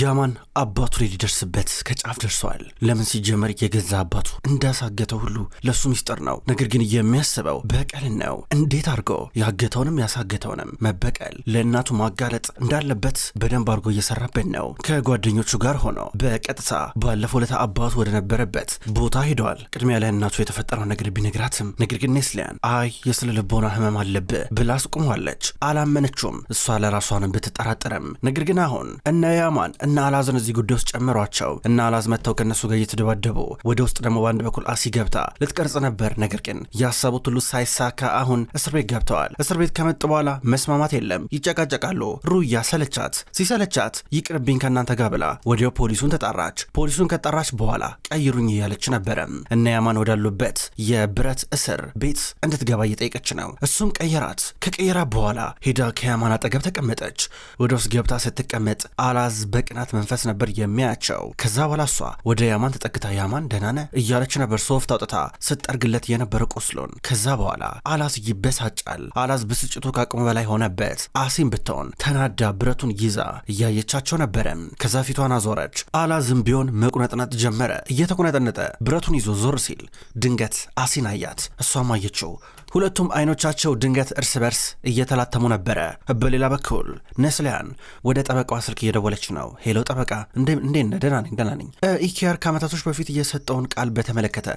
ያማን አባቱ ላይ ሊደርስበት ከጫፍ ደርሰዋል። ለምን ሲጀመር የገዛ አባቱ እንዳሳገተው ሁሉ ለሱ ሚስጥር ነው። ነገር ግን የሚያስበው በቀልን ነው። እንዴት አድርጎ ያገተውንም ያሳገተውንም መበቀል፣ ለእናቱ ማጋለጥ እንዳለበት በደንብ አድርጎ እየሰራበት ነው። ከጓደኞቹ ጋር ሆኖ በቀጥታ ባለፈው ዕለት አባቱ ወደ ነበረበት ቦታ ሄደዋል። ቅድሚያ ለእናቱ የተፈጠረው ነገር ቢነግራትም፣ ነገር ግን ኔስሊያን አይ የስነ ልቦና ህመም አለብ ብላ አስቁመዋለች። አላመነችውም። እሷ ለራሷንም ብትጠራጠረም፣ ነገር ግን አሁን እነ ያማን እና አላዝን እዚህ ጉዳይ ውስጥ ጨምሯቸው እና አላዝ መጥተው ከእነሱ ጋር እየተደባደቡ ወደ ውስጥ ደግሞ በአንድ በኩል አሲ ገብታ ልትቀርጽ ነበር። ነገር ግን ያሰቡት ሁሉ ሳይሳካ አሁን እስር ቤት ገብተዋል። እስር ቤት ከመጡ በኋላ መስማማት የለም፣ ይጨቃጨቃሉ። ሩያ ሰለቻት። ሲሰለቻት ይቅርብኝ ከእናንተ ጋር ብላ ወዲያው ፖሊሱን ተጣራች። ፖሊሱን ከጠራች በኋላ ቀይሩኝ እያለች ነበረ። እነ ያማን ወዳሉበት የብረት እስር ቤት እንድትገባ እየጠየቀች ነው። እሱም ቀየራት። ከቀየራ በኋላ ሄዳ ከያማን አጠገብ ተቀመጠች። ወደ ውስጥ ገብታ ስትቀመጥ አላዝ በ በቅናት መንፈስ ነበር የሚያያቸው። ከዛ በኋላ እሷ ወደ ያማን ተጠግታ ያማን ደህናነ እያለች ነበር ሶፍት አውጥታ ስትጠርግለት የነበረ ቁስሎን ከዛ በኋላ አላዝ ይበሳጫል። አላዝ ብስጭቱ ከአቅሙ በላይ ሆነበት። አሲም ብትሆን ተናዳ ብረቱን ይዛ እያየቻቸው ነበረ። ከዛ ፊቷን አዞረች። አላዝም ቢሆን መቁነጥነጥ ጀመረ። እየተቆነጠነጠ ብረቱን ይዞ ዞር ሲል ድንገት አሲን አያት። እሷም አየችው። ሁለቱም አይኖቻቸው ድንገት እርስ በርስ እየተላተሙ ነበረ። በሌላ በኩል ነስሊያን ወደ ጠበቃዋ ስልክ እየደወለች ነው። ሄሎ ጠበቃ፣ እንዴት ነህ? ደህና ነኝ፣ ደህና ነኝ። ኢኪያር ከአመታቶች በፊት የሰጠውን ቃል በተመለከተ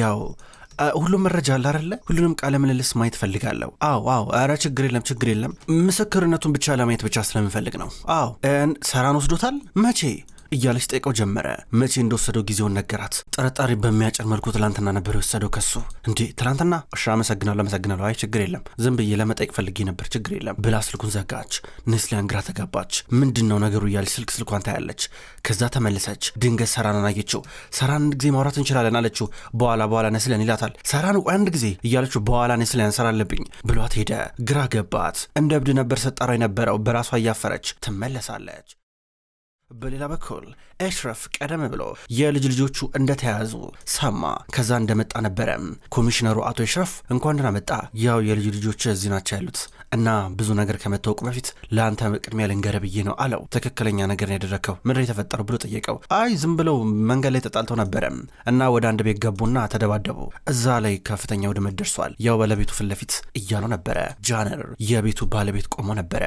ያው ሁሉም መረጃ አለ አይደለ? ሁሉንም ቃለ ምልልስ ማየት ፈልጋለሁ። አዎ አዎ፣ ኧረ ችግር የለም ችግር የለም። ምስክርነቱን ብቻ ለማየት ብቻ ስለምፈልግ ነው። አዎ ሰራን ወስዶታል። መቼ እያለች ጠይቀው ጀመረ። መቼ እንደወሰደው ጊዜውን ነገራት። ጠረጣሪ በሚያጭር መልኩ ትላንትና ነበር የወሰደው ከሱ። እንዴ ትላንትና? እሺ አመሰግናለሁ አመሰግናለሁ። አይ ችግር የለም ዝም ብዬ ለመጠየቅ ፈልጌ ነበር፣ ችግር የለም ብላ ስልኩን ዘጋች። ነስሊያን ግራ ተጋባች። ምንድን ነው ነገሩ እያለች ስልክ ስልኳን ታያለች። ከዛ ተመለሰች። ድንገት ሰራንን አየችው። ሰራን አንድ ጊዜ ማውራት እንችላለን አለችው። በኋላ በኋላ ነስሊያን ይላታል። ሰራን ቆይ አንድ ጊዜ እያለችው በኋላ ነስሊያን ስራ አለብኝ ብሏት ሄደ። ግራ ገባት። እንደ እብድ ነበር ሰጠራ የነበረው። በራሷ እያፈረች ትመለሳለች። በሌላ በኩል ኤሽረፍ ቀደም ብሎ የልጅ ልጆቹ እንደተያዙ ሰማ። ከዛ እንደመጣ ነበረ ኮሚሽነሩ አቶ ኤሽረፍ እንኳን ደህና መጣ፣ ያው የልጅ ልጆች እዚህ ናቸው ያሉት እና ብዙ ነገር ከመታወቁ በፊት ለአንተ ቅድሚያ ልንገርህ ብዬ ነው አለው። ትክክለኛ ነገር ነው ያደረግከው፣ ምንድን የተፈጠረው ብሎ ጠየቀው። አይ ዝም ብለው መንገድ ላይ ተጣልተው ነበረ እና ወደ አንድ ቤት ገቡና ተደባደቡ። እዛ ላይ ከፍተኛ ውድመት ደርሷል፣ ያው ባለቤቱ ፊት ለፊት እያሉ ነበረ። ጃነር የቤቱ ባለቤት ቆሞ ነበረ።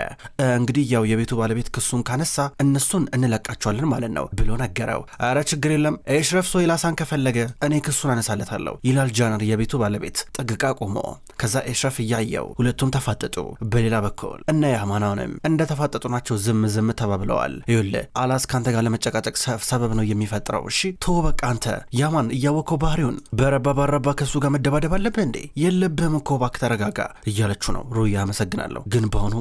እንግዲህ ያው የቤቱ ባለቤት ክሱን ካነሳ እነሱን እንለቃቸዋለን ማለት ነው ብሎ ነገረው። አረ ችግር የለም ኤሽረፍ ሶይላሳን ከፈለገ እኔ ክሱን አነሳለታለሁ ይላል ጃነር የቤቱ ባለቤት ጥግቃ ቆሞ። ከዛ ኤሽረፍ እያየው ሁለቱም ተፋጠጡ። በሌላ በኩል እነ ያህማናውንም እንደ ተፋጠጡ ናቸው። ዝም ዝም ተባብለዋል። ይኸውልህ አላስ ከአንተ ጋር ለመጨቃጨቅ ሰበብ ነው የሚፈጥረው። እሺ ተወው በቃ አንተ ያማን እያወቀው ባህሪውን በረባ ባረባ ከሱ ጋር መደባደብ አለብህ እንዴ? የለብህም እኮ እባክህ ተረጋጋ እያለችው ነው። ሩያ አመሰግናለሁ፣ ግን በአሁኑ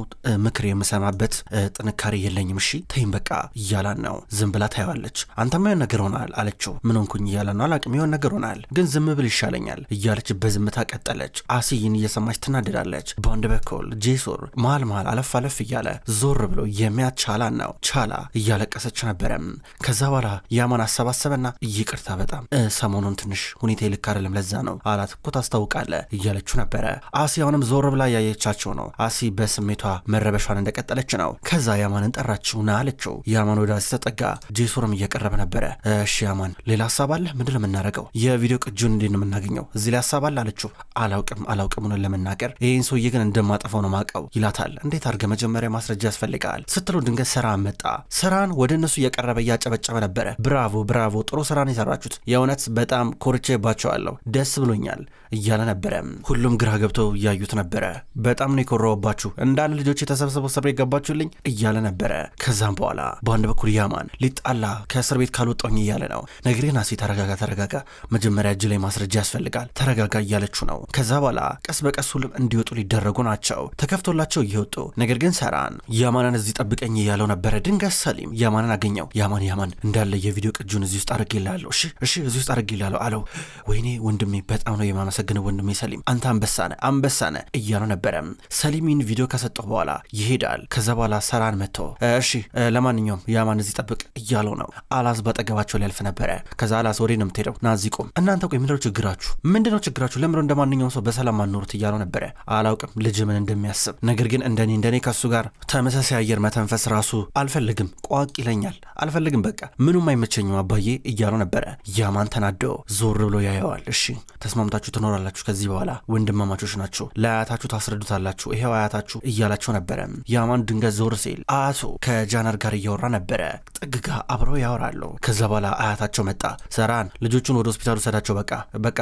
ምክር የምሰማበት ጥንካሬ የለኝም። እሺ ተይም በቃ እያ እያላን ነው። ዝም ብላ ታየዋለች። አንተማ የሆነ ነገር ሆናል አለችው። ምን ሆንኩኝ እያለ ነው አላቅም፣ የሆነ ነገር ሆናል ግን ዝም ብል ይሻለኛል እያለች በዝምታ ቀጠለች። አስይን እየሰማች ትናደዳለች። በአንድ በኩል ጄሶር መሀል መሀል አለፍ አለፍ እያለ ዞር ብሎ የሚያት ቻላን ነው። ቻላ እያለቀሰች ነበረም። ከዛ በኋላ ያማን አሰባሰበና ይቅርታ በጣም ሰሞኑን ትንሽ ሁኔታ ልክ አይደለም ለዛ ነው አላት። እኮ ታስታውቃለ እያለችው ነበረ። አሲ አሁንም ዞር ብላ ያየቻቸው ነው። አሲ በስሜቷ መረበሿን እንደቀጠለች ነው። ከዛ ያማንን ጠራችው ና አለችው። ያማን ወደ ጋር ሲተጠጋ ጄሱርም እየቀረበ ነበረ። እሺ አማን፣ ሌላ ሀሳብ አለ? ምንድን ነው የምናደርገው? የቪዲዮ ቅጁን እንዴት ነው የምናገኘው? እዚህ ላይ ሀሳብ አለ አለችው። አላውቅም አላውቅም፣ ሆነን ለመናገር ይህን ሰውዬ ግን እንደማጠፋው ነው ማቀው ይላታል። እንዴት አድርገ መጀመሪያ ማስረጃ ያስፈልጋል ስትሉ ድንገት ሰራን መጣ። ሰራን ወደ እነሱ እየቀረበ እያጨበጨበ ነበረ። ብራቮ ብራቮ፣ ጥሩ ስራን የሰራችሁት የእውነት በጣም ኮርቼባቸዋለሁ፣ ደስ ብሎኛል እያለ ነበረ። ሁሉም ግራ ገብተው እያዩት ነበረ። በጣም ነው የኮረውባችሁ እንዳለ ልጆች የተሰብሰበው ስር ገባችሁልኝ እያለ ነበረ። ከዛም በኋላ በአንድ በኩል በኩል ያማን ሊጣላ ከእስር ቤት ካልወጣኝ እያለ ነው። ነገር ግን አሴ ተረጋጋ፣ ተረጋጋ፣ መጀመሪያ እጅ ላይ ማስረጃ ያስፈልጋል፣ ተረጋጋ እያለችው ነው። ከዛ በኋላ ቀስ በቀስ ሁሉም እንዲወጡ ሊደረጉ ናቸው። ተከፍቶላቸው እየወጡ ነገር ግን ሰራን ያማንን እዚህ ጠብቀኝ እያለው ነበረ። ድንገት ሰሊም ያማንን አገኘው። ያማን ያማን እንዳለ የቪዲዮ ቅጁን እዚህ ውስጥ አድርጌልሃለሁ፣ እሺ እሺ፣ እዚህ ውስጥ አድርጌልሃለሁ አለው። ወይኔ ወንድሜ፣ በጣም ነው የማመሰግነው ወንድሜ ሰሊም፣ አንተ አንበሳነ አንበሳነ እያለው ነበረ። ሰሊም ይህን ቪዲዮ ከሰጠሁ በኋላ ይሄዳል። ከዛ በኋላ ሰራን መጥቶ እሺ፣ ለማንኛውም ያማን ራሷን እዚህ ጠብቅ እያለው ነው። አላዝ በጠገባቸው ሊያልፍ ነበረ። ከዛ አላዝ ወዴ ነው የምትሄደው? ናዚ ቆም። እናንተ ቆይ ምንድነው ችግራችሁ? ምንድነው ችግራችሁ? ለምንድነው እንደ ማንኛውም ሰው በሰላም ማኖሩት እያለው ነበረ። አላውቅም ልጅ ምን እንደሚያስብ ነገር ግን እንደኔ እንደኔ ከሱ ጋር ተመሳሳይ አየር መተንፈስ ራሱ አልፈልግም፣ ቋቅ ይለኛል። አልፈልግም በቃ ምኑም አይመቸኝም አባዬ እያለው ነበረ። ያማን ተናደው ዞር ብሎ ያየዋል። እሺ ተስማምታችሁ ትኖራላችሁ ከዚህ በኋላ ወንድማማቾች ናችሁ፣ ለአያታችሁ ታስረዱታላችሁ፣ ይሄው አያታችሁ እያላቸው ነበረ። ያማን ድንገት ዞር ሲል አያቱ ከጃነር ጋር እያወራ ነበር። ነበረ። ጥግጋ አብረው ያወራሉ። ከዛ በኋላ አያታቸው መጣ። ሰራን ልጆቹን ወደ ሆስፒታል ውሰዳቸው፣ በቃ በቃ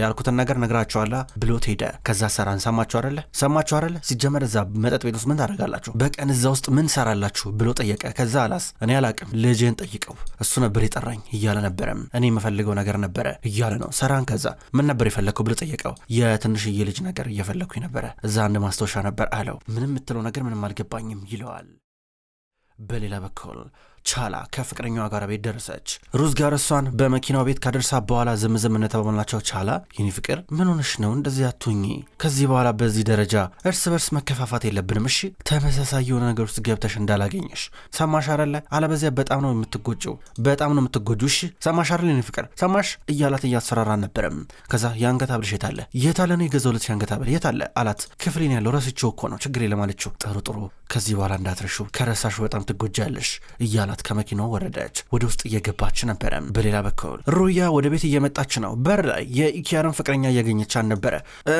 ያልኩትን ነገር ነግራቸዋላ ብሎት ሄደ። ከዛ ሰራን ሰማችሁ አደለ ሰማችሁ አደለ ሲጀመር እዛ መጠጥ ቤት ውስጥ ምን ታደርጋላችሁ? በቀን እዛ ውስጥ ምን ሰራላችሁ ብሎ ጠየቀ። ከዛ አላስ እኔ አላቅም፣ ልጅን ጠይቀው እሱ ነበር የጠራኝ እያለ ነበረም። እኔ የምፈልገው ነገር ነበረ እያለ ነው ሰራን። ከዛ ምን ነበር የፈለግከው ብሎ ጠየቀው። የትንሽዬ ልጅ ነገር እየፈለግኩኝ ነበረ፣ እዛ አንድ ማስታወሻ ነበር አለው። ምንም የምትለው ነገር ምንም አልገባኝም ይለዋል። በሌላ በኩል ቻላ ከፍቅረኛዋ ጋር ቤት ደረሰች። ሩዝ ጋር እሷን በመኪናው ቤት ካደርሳ በኋላ ዝምዝም እንደተባባልናቸው ቻላ የኔ ፍቅር ምን ሆነሽ ነው እንደዚህ አትሁኚ። ከዚህ በኋላ በዚህ ደረጃ እርስ በርስ መከፋፋት የለብንም እሺ። ተመሳሳይ የሆነ ነገር ውስጥ ገብተሽ እንዳላገኘሽ ሰማሽ አይደለ? አለበዚያ በጣም ነው የምትጎጂው፣ በጣም ነው የምትጎጁ። እሺ ሰማሽ አይደለ? የኔ ፍቅር ሰማሽ እያላት እያስፈራራ ነበረም። ከዛ የአንገት ሐብልሽ የት አለ? የት አለ ነው የገዛሁልሽ የአንገት ሐብል የት አለ አላት። ክፍሌን ያለው ረስቼው እኮ ነው ችግር የለም አለችው። ጥሩ ጥሩ ከዚህ በኋላ እንዳትረሹ ከረሳሹ በጣም ትጎጃለሽ እያላት ከመኪናው ወረደች። ወደ ውስጥ እየገባች ነበረ። በሌላ በኩል ሩያ ወደ ቤት እየመጣች ነው። በር ላይ የኢኪያርን ፍቅረኛ እያገኘች አልነበረ።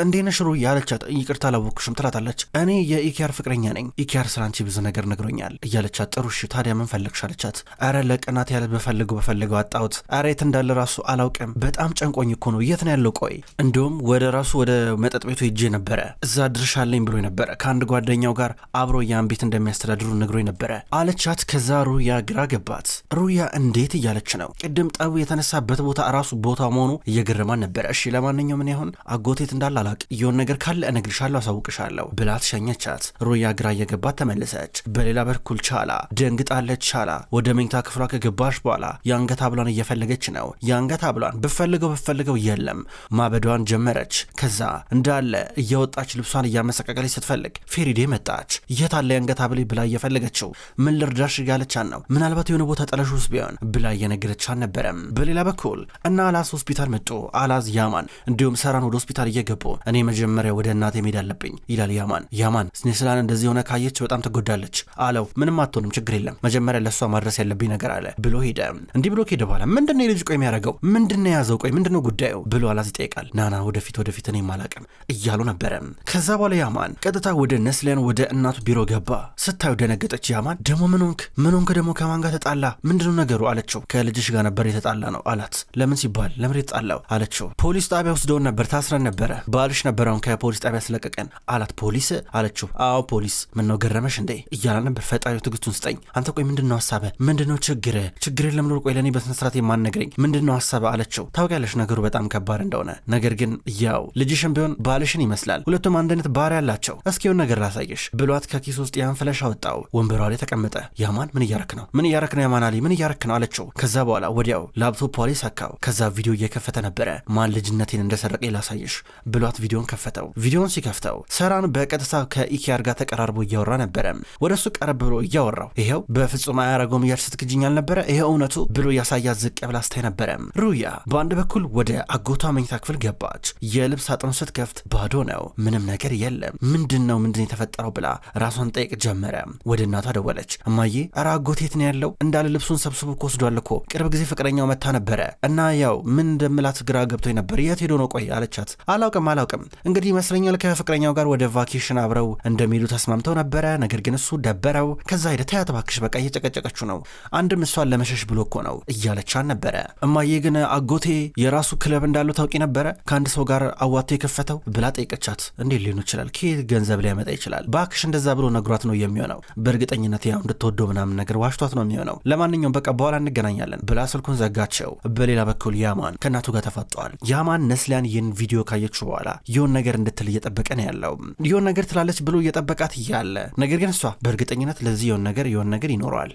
እንዴት ነሽ ሩያ አለቻት። ይቅርታ አላወቅኩሽም ትላታለች። እኔ የኢኪያር ፍቅረኛ ነኝ። ኢኪያር ስላንቺ ብዙ ነገር ነግሮኛል እያለቻት፣ ጥሩ እሺ፣ ታዲያ ምን ፈለግሽ አለቻት። አረ ለቀናት ያለ በፈልገው በፈልገው አጣሁት። አረ የት እንዳለ ራሱ አላውቅም። በጣም ጨንቆኝ እኮ ነው። የት ነው ያለው? ቆይ እንዲሁም ወደ ራሱ ወደ መጠጥ ቤቱ ሄጄ ነበረ። እዛ ድርሻለኝ ብሎ ነበረ ከአንድ ጓደኛው ጋር አብሮ እያ ቤት እንደሚያስተዳድሩ ነግሮ ነበረ አለቻት። ከዛ ሩያ ግራ ገባት። ሩያ እንዴት እያለች ነው? ቅድም ጠቡ የተነሳበት ቦታ ራሱ ቦታ መሆኑ እየገረማን ነበረ። እሺ ለማንኛው ምን አሁን አጎቴት እንዳለ አላቅ የሆን ነገር ካለ እነግርሻለሁ፣ አሳውቅሻለሁ ብላት ሸኘቻት። ሩያ ግራ እየገባት ተመለሰች። በሌላ በኩል ቻላ ደንግጣለች። ቻላ ወደ መኝታ ክፍሏ ከገባሽ በኋላ የአንገት አብሏን እየፈለገች ነው። የአንገት አብሏን ብፈልገው ብፈልገው የለም። ማበዷን ጀመረች። ከዛ እንዳለ እያወጣች ልብሷን እያመሰቃቀለች ስትፈልግ ፌሪዴ መጣች። የታለ ሳለ የአንገት ሐብል ብላ እየፈለገችው ምን ልርዳሽ እያለቻን ነው። ምናልባት የሆነ ቦታ ጠለሽ ውስጥ ቢሆን ብላ እየነገረች አልነበረም። በሌላ በኩል እና አላዝ ሆስፒታል መጡ። አላዝ ያማን፣ እንዲሁም ሰራን ወደ ሆስፒታል እየገቡ እኔ መጀመሪያ ወደ እናቴ መሄድ አለብኝ ይላል ያማን። ያማን ስኔስላን እንደዚህ የሆነ ካየች በጣም ትጎዳለች አለው። ምንም አትሆንም፣ ችግር የለም መጀመሪያ ለእሷ ማድረስ ያለብኝ ነገር አለ ብሎ ሄደ። እንዲህ ብሎ ከሄደ በኋላ ምንድን ነው የልጅ ቆይ የሚያደርገው ምንድን ነው የያዘው? ቆይ ምንድን ነው ጉዳዩ ብሎ አላዝ ይጠይቃል። ናና ወደፊት ወደፊት እኔም አላቅም እያሉ ነበረ። ከዛ በኋላ ያማን ቀጥታ ወደ ነስሊያን ወደ እናቱ ቢሮ ገ ገባ። ስታዩ ደነገጠች። ያማን ደግሞ ምን ሆንክ? ምን ሆንክ ደግሞ ከማን ጋር ተጣላ? ምንድነው ነገሩ አለችው። ከልጅሽ ጋር ነበር የተጣላ ነው አላት። ለምን ሲባል ለምን የተጣላው አለችው። ፖሊስ ጣቢያ ውስደውን ነበር፣ ታስረን ነበረ። ባልሽ ነበር አሁን ከፖሊስ ጣቢያ ስለቀቀን አላት። ፖሊስ አለችው። አዎ ፖሊስ። ምን ነው ገረመሽ እንዴ እያለ ነበር። ፈጣሪ ትግስቱን ስጠኝ። አንተ ቆይ ምንድነው ሀሳበ? ምንድነው ችግር? ችግር የለም ቆይ ለእኔ በስነስርዓት የማነግረኝ ምንድነው ሀሳበ አለችው። ታውቂያለሽ ነገሩ በጣም ከባድ እንደሆነ ነገር ግን ያው ልጅሽም ቢሆን ባልሽን ይመስላል። ሁለቱም አንድ አይነት ባህሪ ያላቸው። ነገር ላሳየሽ ብሏት ከኪሱ ውስጥ ያን ፍለሽ አወጣው። ወንበሯ ላይ ተቀመጠ። ያማን ምን እያረክ ነው? ምን እያረክ ነው? ያማን አሊ ምን እያረክ ነው አለችው። ከዛ በኋላ ወዲያው ላፕቶፕ ላይ ሰካው። ከዛ ቪዲዮ እየከፈተ ነበረ። ማን ልጅነቴን እንደሰረቀ ላሳየሽ ብሏት ቪዲዮን ከፈተው። ቪዲዮን ሲከፍተው ሰራን በቀጥታ ከኢኪያር ጋር ተቀራርቦ እያወራ ነበረ። ወደ እሱ ቀረብ ብሎ እያወራው ይኸው በፍጹም አያረገውም እያልሽ ስትክጅኝ አልነበረ ይኸው እውነቱ ብሎ ያሳያት ዝቅ ብላ ስታይ ነበረ። ሩያ በአንድ በኩል ወደ አጎቷ መኝታ ክፍል ገባች። የልብስ አጥኑ ስትከፍት ባዶ ነው፣ ምንም ነገር የለም። ምንድን ነው ምንድን የተፈጠረው ብላ ራሷን መጠየቅ ጀመረ። ወደ እናቷ ደወለች። እማዬ ኧረ አጎቴ የት ነው ያለው? እንዳለ ልብሱን ሰብስቦ እኮ ወስዷል እኮ ቅርብ ጊዜ ፍቅረኛው መታ ነበረ እና ያው ምን እንደምላት ግራ ገብቶኝ ነበር። የት ሄዶ ነው ቆይ አለቻት። አላውቅም አላውቅም። እንግዲህ ይመስለኛል ከፍቅረኛው ጋር ወደ ቫኬሽን አብረው እንደሚሄዱ ተስማምተው ነበረ። ነገር ግን እሱ ደበረው። ከዛ ሄደ ተያት እባክሽ በቃ እየጨቀጨቀችው ነው። አንድም እሷን ለመሸሽ ብሎ እኮ ነው እያለቻን ነበረ። እማዬ ግን አጎቴ የራሱ ክለብ እንዳለው ታውቂ ነበረ? ከአንድ ሰው ጋር አዋቶ የከፈተው ብላ ጠይቀቻት። እንዴት ሊሆን ይችላል? ከየት ገንዘብ ሊያመጣ ይችላል? ባክሽ እንደዛ ብሎ ነግሯት ነው የሚሆነው። በእርግጠኝነት ያው እንድትወደው ምናምን ነገር ዋሽቷት ነው የሚሆነው። ለማንኛውም በቃ በኋላ እንገናኛለን ብላ ስልኩን ዘጋቸው። በሌላ በኩል ያማን ከእናቱ ጋር ተፋጠዋል። ያማን ነስሊያን ይህን ቪዲዮ ካየችው በኋላ የሆን ነገር እንድትል እየጠበቀ ነው ያለው። የሆን ነገር ትላለች ብሎ እየጠበቃት እያለ ነገር ግን እሷ በእርግጠኝነት ለዚህ የሆን ነገር የሆን ነገር ይኖረዋል፣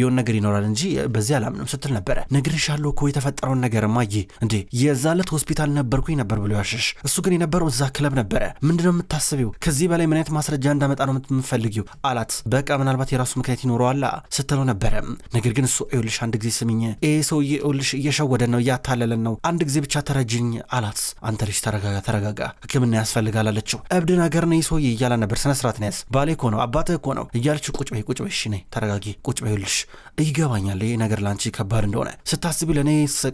የሆን ነገር ይኖራል እንጂ በዚህ አላምንም ስትል ነበረ። ነግሬሻለሁ እኮ የተፈጠረውን ነገር ማይ እንዴ የዛ ዕለት ሆስፒታል ነበርኩኝ ነበር ብሎ ያሸሽ። እሱ ግን የነበረው እዛ ክለብ ነበረ። ምንድነው የምታስቢው? ከዚህ በላይ ምን አይነት ማስረጃ እንዳመጣ ነው የምትፈልግ የምትፈልጊው አላት። በቃ ምናልባት የራሱ ምክንያት ይኖረዋል ስትለው ነበረ። ነገር ግን እሱ ይኸውልሽ፣ አንድ ጊዜ ስሚኝ፣ ይሄ ሰው ይኸውልሽ እየሸወደን ነው፣ እያታለለን ነው፣ አንድ ጊዜ ብቻ ተረጅኝ አላት። አንተ ልጅ ተረጋጋ፣ ተረጋጋ፣ ሕክምና ያስፈልጋል አለችው። እብድ ነገር ነው ይህ ሰውዬ ነበር። ስነ ስርዓትን ያዝ፣ ባሌ እኮ ነው፣ አባትህ እኮ ነው እያለች ቁጭ በይ፣ ቁጭ በይ፣ እሺ ነይ፣ ተረጋጊ፣ ቁጭ በይ። ይኸውልሽ ይገባኛል፣ ይህ ነገር ለአንቺ ከባድ እንደሆነ ስታስቢ ለእኔ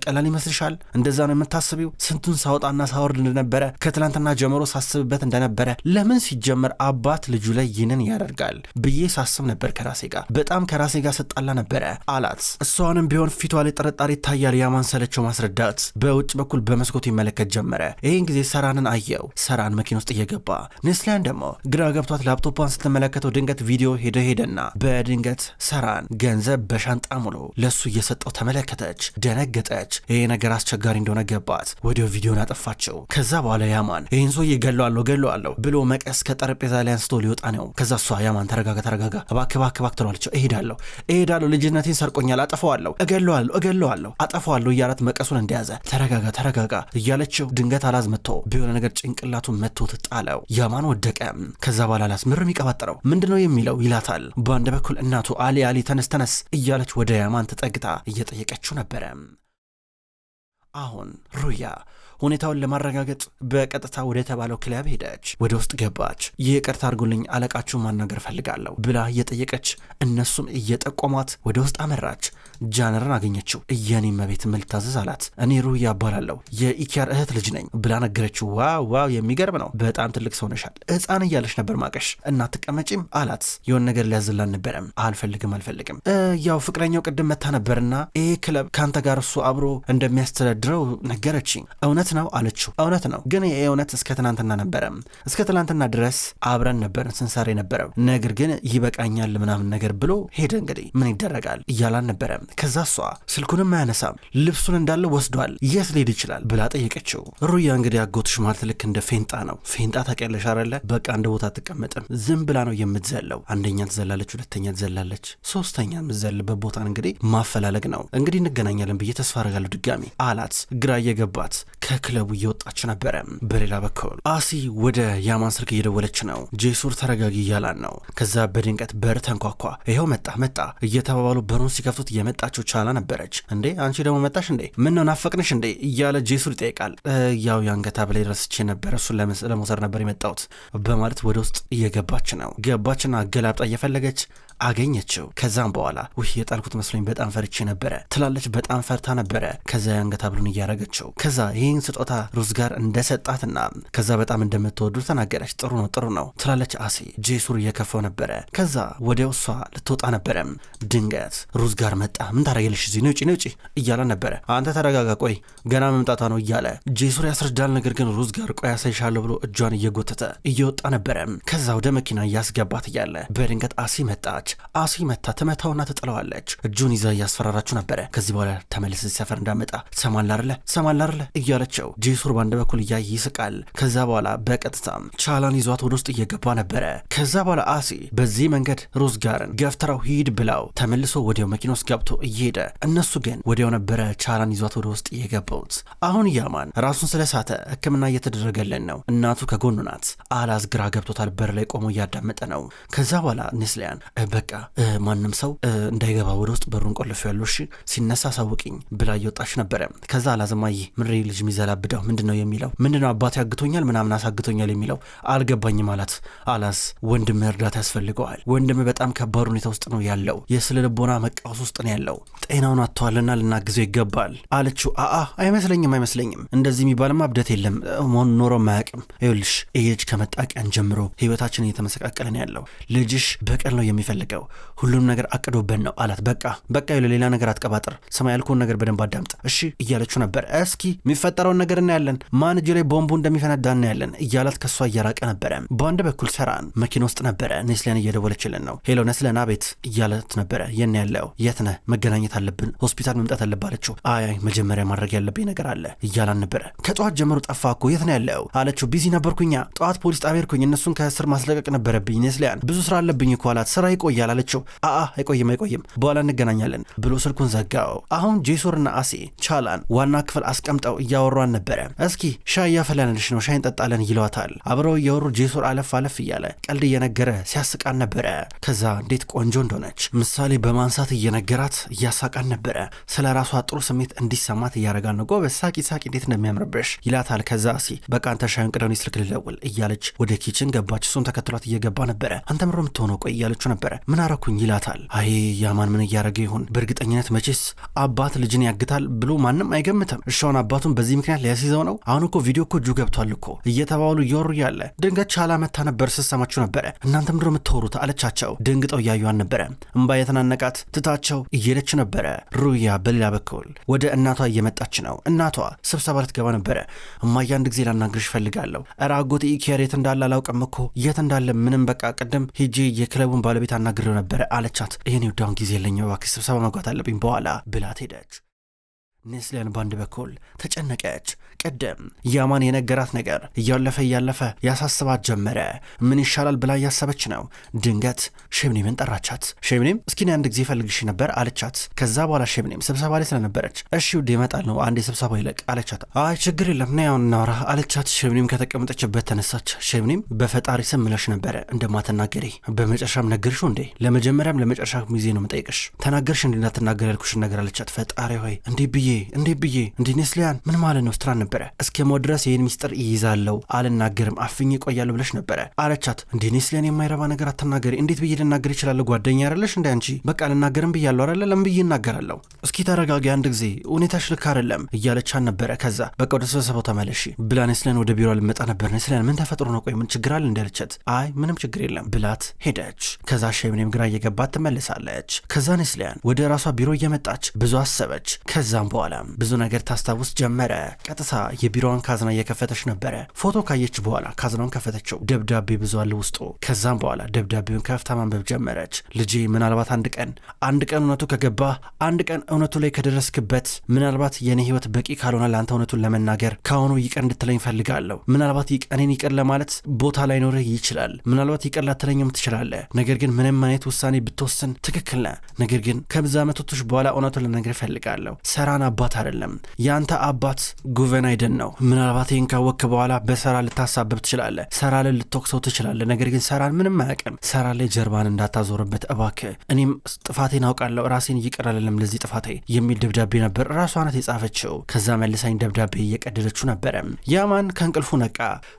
ቀላል ይመስልሻል? እንደዛ ነው የምታስቢው? ስንቱን ሳወጣና ሳወርድ እንደነበረ ከትላንትና ጀምሮ ሳስብበት እንደነበረ ለምን ሲጀመር አባት ልጁ ላይ ይህንን ያደርጋል ብዬ ሳስብ ነበር ከራሴ ጋር በጣም ከራሴ ጋር ስጣላ ነበረ አላት። እሷንም ቢሆን ፊቷ ላይ ጥርጣሬ ይታያል። ያማን ሰለቸው ማስረዳት በውጭ በኩል በመስኮት ይመለከት ጀመረ። ይህን ጊዜ ሰራንን አየው። ሰራን መኪና ውስጥ እየገባ ኔስሊያን ደግሞ ግራ ገብቷት ላፕቶፓን ስትመለከተው ድንገት ቪዲዮ ሄደ ሄደና በድንገት ሰራን ገንዘብ በሻንጣ ሙሉ ለሱ እየሰጠው ተመለከተች። ደነገጠች። ይሄ ነገር አስቸጋሪ እንደሆነ ገባት። ወዲያው ቪዲዮን አጠፋቸው። ከዛ በኋላ ያማን ይህን ሰውዬ ገለዋለሁ ገለዋለሁ ብሎ መቀስ ከጠረጴዛ ላይ አንስቶ ሊወጣ ነው። ከዛ እሷ ያማን ተረጋጋ፣ ተረጋጋ፣ እባክህ፣ እባክህ፣ እባክህ ትለዋለች። እሄዳለሁ፣ እሄዳለሁ፣ ልጅነቴን ሰርቆኛል፣ አጠፋዋለሁ፣ እገለዋለሁ፣ እገለዋለሁ፣ አጠፋዋለሁ እያላት መቀሱን እንደያዘ ተረጋጋ፣ ተረጋጋ እያለችው ድንገት አላዝ መጥቶ በሆነ ነገር ጭንቅላቱ መጥቶ ትጣለው። ያማን ወደቀ። ከዛ በኋላ አላዝ ምርም ይቀባጥረው ምንድን ነው የሚለው ይላታል። በአንድ በኩል እናቱ አሊ አሊ ተነስ ተነስ እያለች ወደ ያማን ተጠግታ እየጠየቀችው ነበረ። አሁን ሩያ ሁኔታውን ለማረጋገጥ በቀጥታ ወደ ተባለው ክለብ ሄደች። ወደ ውስጥ ገባች። ይህ ይቅርታ አድርጉልኝ አለቃችሁ ማናገር ፈልጋለሁ ብላ እየጠየቀች እነሱም እየጠቆሟት ወደ ውስጥ አመራች። ጃነርን አገኘችው። እየኔ መቤት ምን ልታዘዝ አላት። እኔ ሩህያ እባላለሁ የኢኪያር እህት ልጅ ነኝ ብላ ነገረችው። ዋው ዋው የሚገርም ነው። በጣም ትልቅ ሰው ነሻል። ህፃን እያለች ነበር ማቀሽ እና ትቀመጪም አላት። የሆን ነገር ሊያዝላን ነበረም። አልፈልግም አልፈልግም ያው ፍቅረኛው ቅድም መታ ነበርና ይህ ክለብ ከአንተ ጋር እሱ አብሮ እንደሚያስተዳድረው ነገረችኝ። እውነት እውነት ነው አለችው። እውነት ነው ግን ይሄ እውነት እስከ ትናንትና ነበረ። እስከ ትናንትና ድረስ አብረን ነበርን ስንሰራ ነበረ። ነገር ግን ይበቃኛል ምናምን ነገር ብሎ ሄደ። እንግዲህ ምን ይደረጋል እያላን ነበረ። ከዛ እሷ ስልኩንም አያነሳም ልብሱን እንዳለ ወስዷል፣ የት ሊሄድ ይችላል ብላ ጠየቀችው። ሩያ እንግዲህ አጎትሽ ማለት ልክ እንደ ፌንጣ ነው። ፌንጣ ታውቂያለሽ አይደለ? በቃ አንድ ቦታ አትቀመጥም፣ ዝም ብላ ነው የምትዘለው። አንደኛ ትዘላለች፣ ሁለተኛ ትዘላለች፣ ሶስተኛ የምትዘልበት ቦታን እንግዲህ ማፈላለግ ነው። እንግዲህ እንገናኛለን ብዬ ተስፋ አረጋለሁ ድጋሚ አላት፣ ግራ እየገባት ከክለቡ እየወጣች ነበረ። በሌላ በኩል አሲ ወደ ያማን ስልክ እየደወለች ነው። ጄሱር ተረጋጊ እያላን ነው። ከዛ በድንቀት በር ተንኳኳ። ይኸው መጣ መጣ እየተባባሉ በሩን ሲከፍቱት የመጣችው ቻላ ነበረች። እንዴ አንቺ ደግሞ መጣሽ እንዴ? ምን ነው ናፈቅንሽ እንዴ? እያለ ጄሱር ይጠይቃል። ያው የአንገት ሐብል ረስቼ ነበረ፣ እሱን ለመውሰድ ነበር የመጣሁት በማለት ወደ ውስጥ እየገባች ነው። ገባችና ገላብጣ እየፈለገች አገኘችው። ከዛም በኋላ ውህ የጣልኩት መስሎኝ በጣም ፈርቼ ነበረ ትላለች። በጣም ፈርታ ነበረ። ከዛ የአንገት ብሎን እያረገችው ከዛ ይህን ስጦታ ሩዝ ጋር እንደሰጣትና ከዛ በጣም እንደምትወዱ ተናገረች። ጥሩ ነው ጥሩ ነው ትላለች አሴ። ጄሱር እየከፋው ነበረ። ከዛ ወዲያው እሷ ልትወጣ ነበረ። ድንገት ሩዝ ጋር መጣ። ምን ታረጊያለሽ እዚህ? ነውጪ ነውጪ እያለ ነበረ። አንተ ተረጋጋ፣ ቆይ ገና መምጣቷ ነው እያለ ጄሱር ያስረዳል። ነገር ግን ሩዝ ጋር ቆይ ያሳይሻለሁ ብሎ እጇን እየጎተተ እየወጣ ነበረ። ከዛ ወደ መኪና እያስገባት እያለ በድንገት አሴ መጣች። አሴ መታ ትመታውና ትጥለዋለች። እጁን ይዛ እያስፈራራችሁ ነበረ። ከዚህ በኋላ ተመልስ ሰፈር እንዳመጣ ሰማላርለ ሰማላርለ እያለች ናቸው። ጄሱር በአንድ በኩል እያየ ይስቃል። ከዛ በኋላ በቀጥታ ቻላን ይዟት ወደ ውስጥ እየገባ ነበረ። ከዛ በኋላ አሲ በዚህ መንገድ ሮዝ ጋርን ገፍትራው ሂድ ብላው ተመልሶ ወዲያው መኪና ውስጥ ገብቶ እየሄደ እነሱ ግን ወዲያው ነበረ ቻላን ይዟት ወደ ውስጥ እየገባውት። አሁን ያማን ራሱን ስለሳተ ሕክምና እየተደረገለን ነው። እናቱ ከጎኑ ናት። አላዝ ግራ ገብቶታል። በር ላይ ቆሞ እያዳመጠ ነው። ከዛ በኋላ ኔስሊያን በቃ ማንም ሰው እንዳይገባ ወደ ውስጥ በሩን ቆልፎ ያለሽ ሲነሳ ሳውቅኝ ብላ እየወጣች ነበረ። ከዛ አላዝማ ይህ ምሬ ልጅ ሚዘ የሚያገላብደው ምንድን ነው የሚለው ምንድን ነው አባቴ አግቶኛል ምናምን አሳግቶኛል የሚለው አልገባኝም አላት። አላስ ወንድም እርዳታ ያስፈልገዋል። ወንድም በጣም ከባድ ሁኔታ ውስጥ ነው ያለው። የስለ ልቦና መቃወስ ውስጥ ነው ያለው። ጤናውን አጥተዋልና ልናግዘው ይገባል አለችው። አአ አይመስለኝም፣ አይመስለኝም እንደዚህ የሚባልማ እብደት የለም መሆን ኖሮ ማያቅም ይኸውልሽ ይህ ልጅ ከመጣ ቀን ጀምሮ ህይወታችን እየተመሰቃቀለ ነው ያለው። ልጅሽ በቀል ነው የሚፈልገው። ሁሉንም ነገር አቅዶበት ነው አላት። በቃ በቃ፣ ሌላ ነገር አትቀባጥር። ሰማይ ያልኩህን ነገር በደንብ አዳምጥ እሺ እያለችው ነበር። እስኪ የሚፈጠረው የሚፈጠረውን ነገር እናያለን፣ ማን እጅ ላይ ቦምቡ እንደሚፈነዳ እናያለን እያላት ከእሷ እያራቀ ነበረ። በአንድ በኩል ሰራን መኪና ውስጥ ነበረ። ኔስሊያን እየደወለችልን ነው። ሄሎ ነስለን፣ አቤት እያላት ነበረ። የት ያለው? የት ነህ? መገናኘት አለብን፣ ሆስፒታል መምጣት አለባለችው። አይ አይ መጀመሪያ ማድረግ ያለብኝ ነገር አለ እያላን ነበረ። ከጠዋት ጀምሮ ጠፋ እኮ የት ነው ያለው አለችው። ቢዚ ነበርኩኛ፣ ጠዋት ፖሊስ ጣቢያ ሄድኩኝ፣ እነሱን ከእስር ማስለቀቅ ነበረብኝ። ኔስሊያን ብዙ ስራ አለብኝ እኮ አላት። ስራ ይቆያል አለችው። አአ አይቆይም አይቆይም፣ በኋላ እንገናኛለን ብሎ ስልኩን ዘጋው። አሁን ጄሶርና አሴ ቻላን ዋና ክፍል አስቀምጠው እያወሯ እያወራን ነበረ። እስኪ ሻይ እያፈላለንሽ ነው ሻይን ጠጣለን ይለዋታል። አብረው እየወሩ ጄሱር አለፍ አለፍ እያለ ቀልድ እየነገረ ሲያስቃን ነበረ። ከዛ እንዴት ቆንጆ እንደሆነች ምሳሌ በማንሳት እየነገራት እያሳቃን ነበረ። ስለ ራሷ ጥሩ ስሜት እንዲሰማት እያረጋን ነው። ጎበዝ ሳቂ ሳቂ፣ እንዴት እንደሚያምርብሽ ይላታል። ከዛ ሲ በቃ አንተ ሻዩን ቅዳኔ ስልክ ልለውል እያለች ወደ ኪችን ገባች። እሱም ተከትሏት እየገባ ነበረ። አንተ ምሮ የምትሆነው ቆይ እያለችው ነበረ። ምን አረኩኝ ይላታል። አይ ያማን ምን እያረገ ይሆን? በእርግጠኝነት መቼስ አባት ልጅን ያግታል ብሎ ማንም አይገምትም። እሻውን አባቱን በዚህ ምክንያት ምክንያት ሊያስይዘው ነው። አሁን እኮ ቪዲዮ እኮ እጁ ገብቷል እኮ እየተባሉ እያወሩ ያለ ድንገት ቻላ መታ ነበር። ስሰማችሁ ነበረ እናንተ ምድሮ የምትወሩት አለቻቸው። ደንግጠው እያዩን ነበረ። እምባ የተናነቃት ትታቸው እየሄደች ነበረ። ሩያ በሌላ በኩል ወደ እናቷ እየመጣች ነው። እናቷ ስብሰባ ልትገባ ነበረ። እማዬ አንድ ጊዜ ላናግርሽ እፈልጋለሁ። ኧረ አጎቴ ኢኬር የት እንዳለ አላውቅም እኮ የት እንዳለ ምንም በቃ ቅድም ሄጄ የክለቡን ባለቤት አናግሬው ነበረ አለቻት። ይህን ውዳውን ጊዜ የለኝ እባክሽ ስብሰባ መግባት አለብኝ በኋላ ብላት ሄደች። ኔስሊያን በአንድ በኩል ተጨነቀች። ቅድም ያማን የነገራት ነገር እያለፈ እያለፈ ያሳስባት ጀመረ። ምን ይሻላል ብላ እያሰበች ነው። ድንገት ሼብኔምን ጠራቻት። ሼብኔም እስኪኔ አንድ ጊዜ ፈልግሽ ነበር አለቻት። ከዛ በኋላ ሼብኔም ስብሰባ ላይ ስለነበረች እሺ ውድ ይመጣል ነው አንድ የስብሰባ ይለቅ አለቻት። አይ ችግር የለም ና ያውን እናውራ አለቻት። ሼብኔም ከተቀመጠችበት ተነሳች። ሼብኔም በፈጣሪ ስም ምለሽ ነበረ እንደማትናገሪ በመጨረሻም ነገርሽ እንዴ? ለመጀመሪያም ለመጨረሻ ጊዜ ነው የምጠይቅሽ ተናገርሽ እንዲህ እንዳትናገር ያልኩሽን ነገር አለቻት። ፈጣሪ ሆይ እንዲህ ብዬ እንዴት ብዬ እንዴ ኔስሊያን ምን ማለት ነው ስትራን ነበረ። እስከ ሞት ድረስ ይህን ሚስጥር ይይዛለው፣ አልናገርም፣ አፍኝ እቆያለሁ ብለሽ ነበረ አለቻት። እንዴ ኔስሊያን የማይረባ ነገር አትናገሪ። እንዴት ብዬ ልናገር ይችላለ ጓደኛ ያለሽ እንደ አንቺ በቃ አልናገርም ብያለሁ አለ። ለምን ብዬ እናገራለሁ? እስኪ ተረጋጊ አንድ ጊዜ ሁኔታሽ ልክ አይደለም እያለቻን ነበረ። ከዛ በቃ ወደ ስብሰባው ተመለሽ ብላ ኔስሊያን ወደ ቢሮ ልመጣ ነበር። ኔስሊያን ምን ተፈጥሮ ነው? ቆይ ምን ችግር አለ እንዳለቻት፣ አይ ምንም ችግር የለም ብላት ሄደች። ከዛ ሸምኔም ግራ እየገባት ትመልሳለች። ከዛ ኔስሊያን ወደ ራሷ ቢሮ እየመጣች ብዙ አሰበች። ከዛም በኋላ በኋላ ብዙ ነገር ታስታውስ ጀመረ። ቀጥታ የቢሮዋን ካዝና እየከፈተች ነበረ። ፎቶ ካየች በኋላ ካዝናውን ከፈተችው። ደብዳቤ ብዙ አለ ውስጡ። ከዛም በኋላ ደብዳቤውን ከፍታ ማንበብ ጀመረች። ልጄ ምናልባት አንድ ቀን አንድ ቀን እውነቱ ከገባ አንድ ቀን እውነቱ ላይ ከደረስክበት ምናልባት የኔ ህይወት በቂ ካልሆነ ለአንተ እውነቱን ለመናገር ከአሁኑ ይቅር እንድትለኝ ፈልጋለሁ። ምናልባት እኔን ይቅር ለማለት ቦታ ላይኖርህ ይችላል። ምናልባት ይቅር ላትለኝም ትችላለህ። ነገር ግን ምንም አይነት ውሳኔ ብትወስን ትክክል ነህ። ነገር ግን ከብዙ ዓመቶች በኋላ እውነቱን ለነገር እፈልጋለሁ። ሰራና አባት አይደለም። ያንተ አባት ጉቨን አይደን ነው። ምናልባት ይህን ካወቅክ በኋላ በሰራ ልታሳብብ ትችላለ፣ ሰራ ላይ ልትወቅሰው ትችላለ። ነገር ግን ሰራን ምንም አያውቅም። ሰራ ላይ ጀርባን እንዳታዞርበት እባክ። እኔም ጥፋቴን አውቃለሁ፣ ራሴን እይቅር አለለም ለዚህ ጥፋቴ የሚል ደብዳቤ ነበር ራሷ ናት የጻፈችው። ከዛ መልሳኝ ደብዳቤ እየቀደደችው ነበረ። ያማን ከእንቅልፉ ነቃ።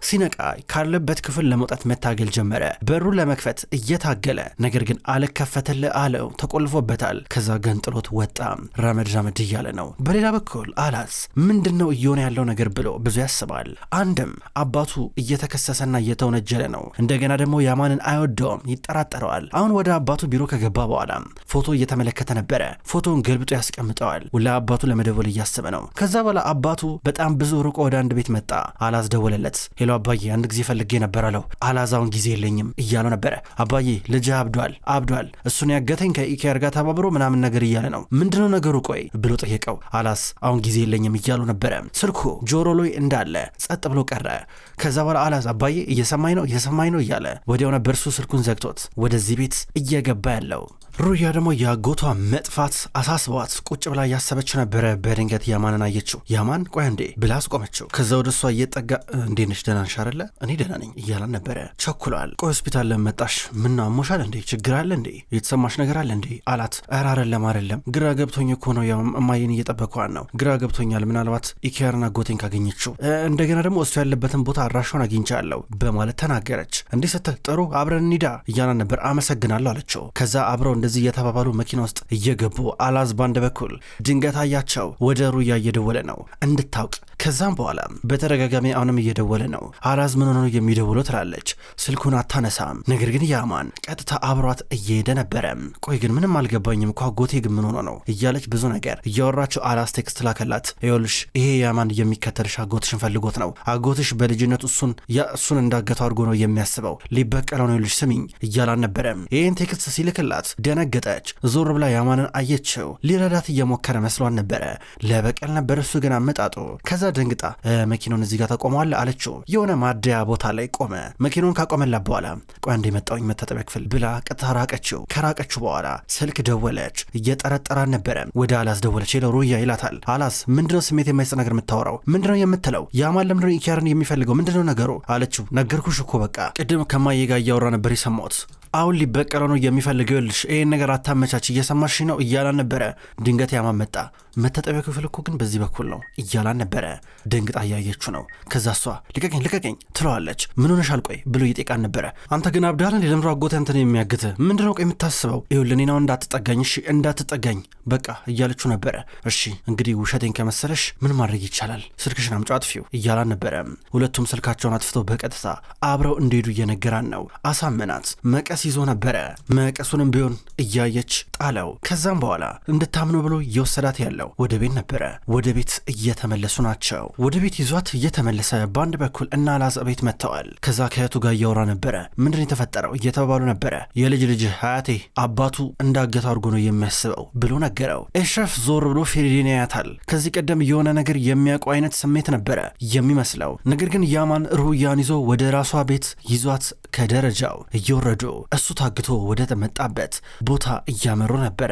ሲነቃ ካለበት ክፍል ለመውጣት መታገል ጀመረ። በሩን ለመክፈት እየታገለ ነገር ግን አልከፈተልህ አለው። ተቆልፎበታል። ከዛ ገንጥሎት ወጣ። ራመድ ራመድ እያለ ነው። በሌላ በኩል አላዝ ምንድን ነው እየሆነ ያለው ነገር ብሎ ብዙ ያስባል። አንድም አባቱ እየተከሰሰና እየተወነጀለ ነው። እንደገና ደግሞ ያማንን አይወደውም፣ ይጠራጠረዋል። አሁን ወደ አባቱ ቢሮ ከገባ በኋላ ፎቶ እየተመለከተ ነበረ። ፎቶውን ገልብጦ ያስቀምጠዋል። ሁላ አባቱ ለመደወል እያሰበ ነው። ከዛ በኋላ አባቱ በጣም ብዙ ርቆ ወደ አንድ ቤት መጣ። አላዝ ደወለለት። ሄሎ አባዬ፣ አንድ ጊዜ ፈልጌ ነበር አለው። አላዝ አሁን ጊዜ የለኝም እያለው ነበረ። አባዬ ልጅ አብዷል አብዷል፣ እሱን ያገተኝ ከኢኬር ጋር ተባብሮ ምናምን ነገር እያለ ነው። ምንድነው ነገሩ ቆይ ብሎ ጠየቀው። አላስ አሁን ጊዜ የለኝም እያሉ ነበረ። ስልኩ ጆሮ ላይ እንዳለ ጸጥ ብሎ ቀረ። ከዛ በኋላ አላዝ አባዬ እየሰማኝ ነው እየሰማኝ ነው እያለ ወዲያው በእርሱ ስልኩን ዘግቶት ወደዚህ ቤት እየገባ ያለው። ሩያ ደግሞ የአጎቷ መጥፋት አሳስበዋት ቁጭ ብላ እያሰበች ነበረ። በድንገት ያማንን አየችው። ያማን ቆይ እንዴ ብላ አስቆመችው። ከዛ ወደ እሷ እየጠጋ እንዴት ነሽ ደህና ነሽ አይደለ? እኔ ደህና ነኝ እያላን ነበረ። ቸኩለዋል። ቆይ ሆስፒታል ለመጣሽ ምን አሞሻል እንዴ? ችግር አለ እንዴ? የተሰማሽ ነገር አለ እንዴ አላት። ኧረ አይደለም አይደለም፣ ግራ ገብቶኝ እኮ ነው እማዬን እየጠበኳን ነው። ግራ ገብቶኛል። ምናልባት ኢኪያርና ጎቴን ካገኘችው እንደገና ደግሞ እሱ ያለበትን ቦታ አድራሻውን አግኝቻለሁ በማለት ተናገረች። እንዲህ ስትል ጥሩ አብረን እንሂዳ እያና ነበር። አመሰግናለሁ አለችው። ከዛ አብረው እንደዚህ እየተባባሉ መኪና ውስጥ እየገቡ አላዝ ባንድ በኩል ድንገት አያቸው። ወደ ሩያ እየደወለ ነው እንድታውቅ ከዛም በኋላ በተደጋጋሚ አሁንም እየደወለ ነው። አላዝ ምን ሆኖ የሚደውለው ትላለች። ስልኩን አታነሳም። ነገር ግን ያማን ቀጥታ አብሯት እየሄደ ነበረ። ቆይ ግን ምንም አልገባኝም እኮ አጎቴ ግን ምን ሆኖ ነው እያለች ብዙ ነገር እያወራቸው አላዝ ቴክስት ላከላት። ይኸውልሽ ይሄ ያማን የሚከተልሽ አጎትሽን ፈልጎት ነው። አጎትሽ በልጅነቱ በእርግጠኝነት እሱን እሱን እንዳገተው አድርጎ ነው የሚያስበው። ሊበቀለው ነው። ልጅ ስሚኝ እያላን ነበረ። ይህን ቴክስት ሲልክላት ደነገጠች። ዞር ብላ ያማንን አየችው። ሊረዳት እየሞከረ መስሏን ነበረ። ለበቀል ነበር እሱ ግን አመጣጡ። ከዛ ደንግጣ መኪናውን እዚህ ጋር ተቆመዋል አለችው። የሆነ ማደያ ቦታ ላይ ቆመ። መኪናውን ካቆመላት በኋላ ቆይ አንዴ መጣሁኝ መታጠቢያ ክፍል ብላ ቀጥታ ራቀችው። ከራቀችው በኋላ ስልክ ደወለች። እየጠረጠራን ነበረ። ወደ አላስ ደወለች። ሄለው ሩያ ይላታል። አላስ ምንድነው ስሜት የማይሰጥ ነገር የምታወራው ምንድነው የምትለው? ያማን ለምንድነው ኢኪያርን የሚፈልገው ምንድነው ነገሩ አለችው። ነገርኩሽ እኮ በቃ ቅድም ከማየጋ እያወራ ነበር የሰማሁት አሁን ሊበቀለው ነው የሚፈልገው። ይኸውልሽ ይህን ነገር አታመቻች፣ እየሰማሽ ነው እያላን ነበረ። ድንገት ያማመጣ መታጠቢያ ክፍል እኮ ግን በዚህ በኩል ነው እያላን ነበረ። ደንግጣ እያየችው ነው። ከዛ እሷ ልቀቀኝ ልቀቀኝ ትለዋለች። ምን ሆነሻል? ብሎ እየጤቃን ነበረ። አንተ ግን አብዳለን የለምሮ አጎተ እንትን የሚያግት ምንድነው? ቆይ የምታስበው ይኸውልህ፣ እኔን እንዳትጠጋኝ እሺ፣ እንዳትጠጋኝ በቃ እያለችው ነበረ። እሺ እንግዲህ ውሸቴን ከመሰለሽ ምን ማድረግ ይቻላል? ስልክሽን አምጪው አጥፊው እያላን ነበረ። ሁለቱም ስልካቸውን አጥፍተው በቀጥታ አብረው እንደሄዱ እየነገራን ነው። አሳመናት መቀስ ይዞ ነበረ። መቀሱንም ቢሆን እያየች ጣለው። ከዛም በኋላ እንድታምነው ብሎ እየወሰዳት ያለው ወደ ቤት ነበረ። ወደ ቤት እየተመለሱ ናቸው። ወደ ቤት ይዟት እየተመለሰ በአንድ በኩል እና አላዛ ቤት መጥተዋል። ከዛ ከእህቱ ጋር እያወራ ነበረ። ምንድን የተፈጠረው እየተባባሉ ነበረ። የልጅ ልጅ ሀያቴ አባቱ እንዳገቱ አድርጎ ነው የሚያስበው ብሎ ነገረው። ኤሽረፍ ዞር ብሎ ፌሬዲን ያያታል። ከዚህ ቀደም የሆነ ነገር የሚያውቁ አይነት ስሜት ነበረ የሚመስለው ነገር ግን ያማን ሩያን ይዞ ወደ ራሷ ቤት ይዟት ከደረጃው እየወረዱ እሱ ታግቶ ወደ ተመጣበት ቦታ እያመሩ ነበረ።